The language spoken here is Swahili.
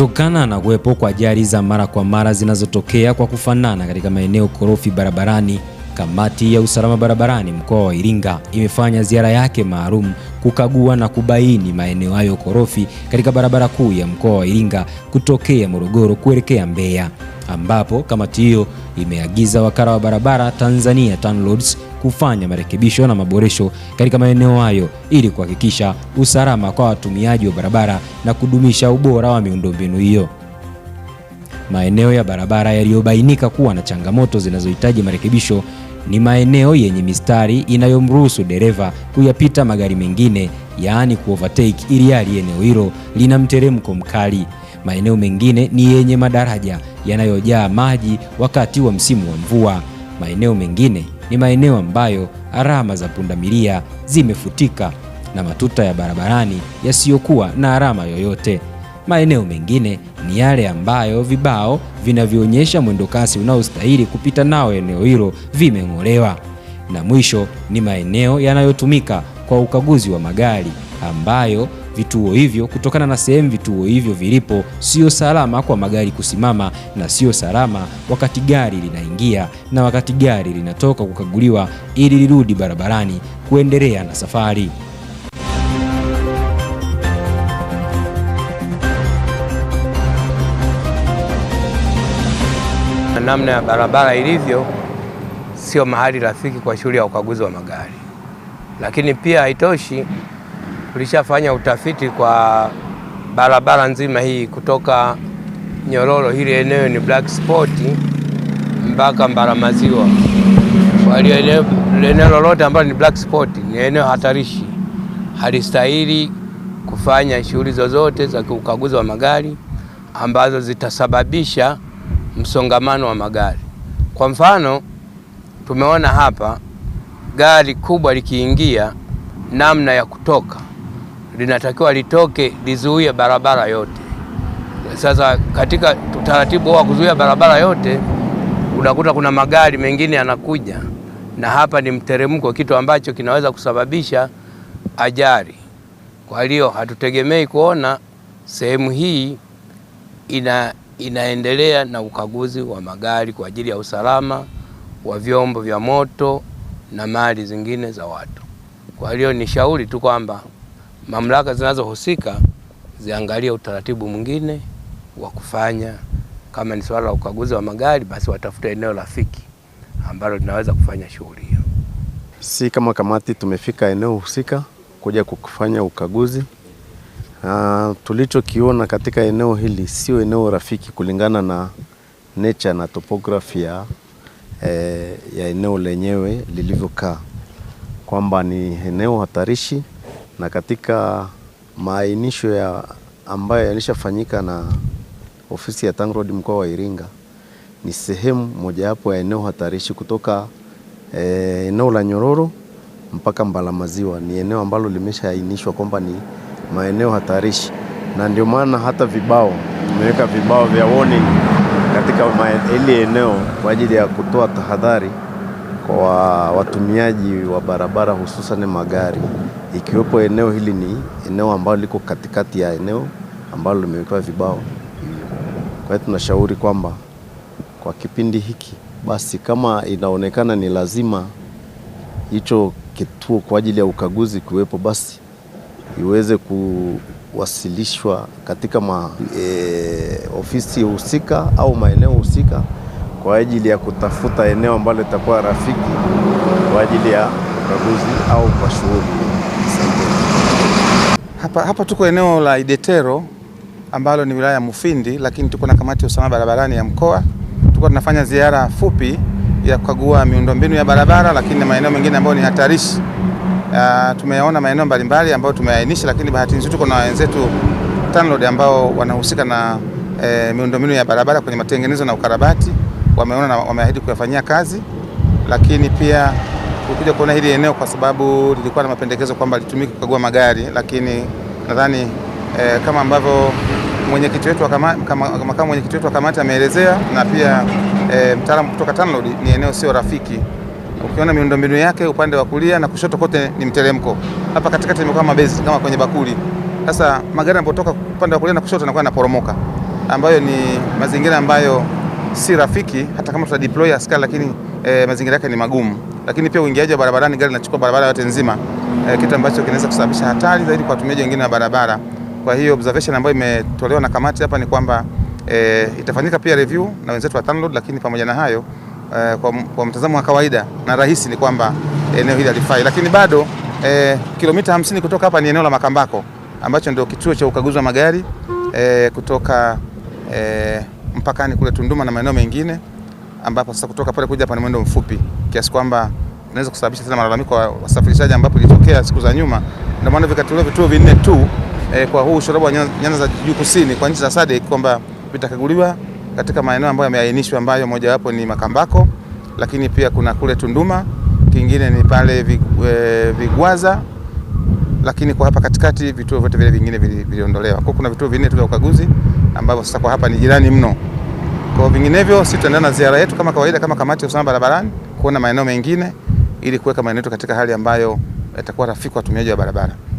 Kutokana na kuwepo kwa ajali za mara kwa mara zinazotokea kwa kufanana katika maeneo korofi barabarani, kamati ya usalama barabarani mkoa wa Iringa imefanya ziara yake maalum kukagua na kubaini maeneo hayo korofi katika barabara kuu ya mkoa wa Iringa kutokea Morogoro kuelekea Mbeya ambapo kamati hiyo imeagiza wakala wa barabara Tanzania TANROADS kufanya marekebisho na maboresho katika maeneo hayo ili kuhakikisha usalama kwa watumiaji wa barabara na kudumisha ubora wa miundombinu hiyo. Maeneo ya barabara yaliyobainika kuwa na changamoto zinazohitaji marekebisho ni maeneo yenye mistari inayomruhusu dereva kuyapita magari mengine, yaani kuovertake, ili hali eneo hilo lina mteremko mkali. Maeneo mengine ni yenye madaraja yanayojaa maji wakati wa msimu wa mvua. Maeneo mengine ni maeneo ambayo alama za pundamilia zimefutika na matuta ya barabarani yasiyokuwa na alama yoyote. Maeneo mengine ni yale ambayo vibao vinavyoonyesha mwendokasi unaostahili kupita nao eneo hilo vimeng'olewa. Na mwisho ni maeneo yanayotumika kwa ukaguzi wa magari ambayo vituo hivyo kutokana na sehemu vituo hivyo vilipo sio salama kwa magari kusimama, na sio salama wakati gari linaingia na wakati gari linatoka kukaguliwa ili lirudi barabarani kuendelea na safari. Namna ya barabara ilivyo sio mahali rafiki kwa shughuli ya ukaguzi wa magari, lakini pia haitoshi tulishafanya utafiti kwa barabara nzima hii kutoka Nyororo, hili eneo ni black spot, mpaka Mbaramaziwa. Kwa hiyo eneo lolote ambalo ni black spot ni eneo hatarishi, halistahili kufanya shughuli zozote za ukaguzi wa magari ambazo zitasababisha msongamano wa magari. Kwa mfano, tumeona hapa gari kubwa likiingia, namna ya kutoka linatakiwa litoke lizuie barabara yote. Sasa katika utaratibu wa kuzuia barabara yote, unakuta kuna magari mengine yanakuja, na hapa ni mteremko, kitu ambacho kinaweza kusababisha ajali. Kwa hiyo hatutegemei kuona sehemu hii ina, inaendelea na ukaguzi wa magari kwa ajili ya usalama wa vyombo vya moto na mali zingine za watu. Kwa hiyo ni shauri tu kwamba mamlaka zinazohusika ziangalie utaratibu mwingine wa kufanya. Kama ni swala la ukaguzi wa magari, basi watafute eneo rafiki ambalo linaweza kufanya shughuli hiyo. Si kama kamati tumefika eneo husika kuja kufanya ukaguzi. Uh, tulichokiona katika eneo hili sio eneo rafiki kulingana na nature na topography ya eh, ya eneo lenyewe lilivyokaa kwamba ni eneo hatarishi na katika maainisho ya ambayo yalishafanyika na ofisi ya TANROADS mkoa wa Iringa ni sehemu mojawapo ya eneo hatarishi kutoka e, eneo la Nyororo mpaka mbala maziwa Ni eneo ambalo limeshaainishwa kwamba ni maeneo hatarishi, na ndio maana hata vibao tumeweka vibao vya warning katika ile eneo kwa ajili ya kutoa tahadhari kwa watumiaji wa barabara, hususan magari ikiwepo eneo hili ni eneo ambalo liko katikati ya eneo ambalo limewekewa vibao Kwa hiyo tunashauri kwamba kwa kipindi hiki basi, kama inaonekana ni lazima hicho kituo kwa ajili ya ukaguzi kuwepo, basi iweze kuwasilishwa katika ma, e, ofisi husika au maeneo husika kwa ajili ya kutafuta eneo ambalo litakuwa rafiki kwa ajili ya ukaguzi au kwa shughuli hapa, hapa tuko eneo la Idetero ambalo ni wilaya ya Mufindi, lakini tuko na kamati ya usalama barabarani ya mkoa. Tuko tunafanya ziara fupi ya kukagua miundombinu ya barabara, lakini na maeneo mengine ambayo ni hatarishi. Uh, ah, tumeona maeneo mbalimbali ambayo tumeainisha, lakini bahati nzuri tuko na wenzetu TANROADS ambao wanahusika na eh, miundombinu ya barabara kwenye matengenezo na ukarabati, wameona na wameahidi kuyafanyia kazi, lakini pia kuja kuona hili eneo kwa sababu lilikuwa na mapendekezo kwamba litumike kukagua magari, lakini nadhani e, kama ambavyo mwenyekiti wetu makamu mwenyekiti wetu wa kamati ameelezea na pia e, mtaalamu kutoka TANROADS, ni eneo sio rafiki. Ukiona miundombinu yake upande wa kulia na kushoto kote ni mteremko, hapa katikati imekuwa mabezi kama kwenye bakuli. Sasa magari yanapotoka upande wa kulia na kushoto yanakuwa yanaporomoka, ambayo ni mazingira ambayo si rafiki, hata kama tuta deploy askari, lakini e, mazingira yake ni magumu lakini pia uingiaji wa barabarani, gari linachukua barabara yote nzima e, kitu ambacho kinaweza kusababisha hatari zaidi kwa watumiaji wengine wa barabara. Kwa hiyo observation ambayo imetolewa na kamati hapa ni kwamba e, itafanyika pia review na wenzetu wa TANROADS, lakini pamoja na hayo e, kwa, kwa mtazamo wa kawaida na rahisi ni kwamba eneo hili halifai, lakini bado e, kilomita 50 kutoka hapa ni eneo la Makambako ambacho ndio kituo cha ukaguzi wa magari e, kutoka e, mpakani kule Tunduma na maeneo mengine ambapo sasa kutoka pale kuja hapa ni mwendo mfupi kiasi kwamba inaweza kusababisha tena malalamiko ya wasafirishaji, ambapo ilitokea siku za nyuma. Ndio maana vikatolewa vituo vinne tu eh, kwa huu ushoroba wa nyanda za juu kusini kwa nchi za SADC kwamba vitakaguliwa katika maeneo ambayo yameainishwa, ambayo mojawapo ni Makambako, lakini pia kuna kule Tunduma, kingine ni pale eh, Vigwaza lakini kwa hapa katikati vituo vyote vile vingine viliondolewa. Kwa kuna vituo vinne tu vya ukaguzi ambavyo sasa kwa hapa ni jirani mno. Kwa vinginevyo, sisi tutaendelea na ziara yetu kama kawaida, kama kamati ya usalama barabarani kuona maeneo mengine ili kuweka maeneo katika hali ambayo yatakuwa rafiki kwa watumiaji wa barabara.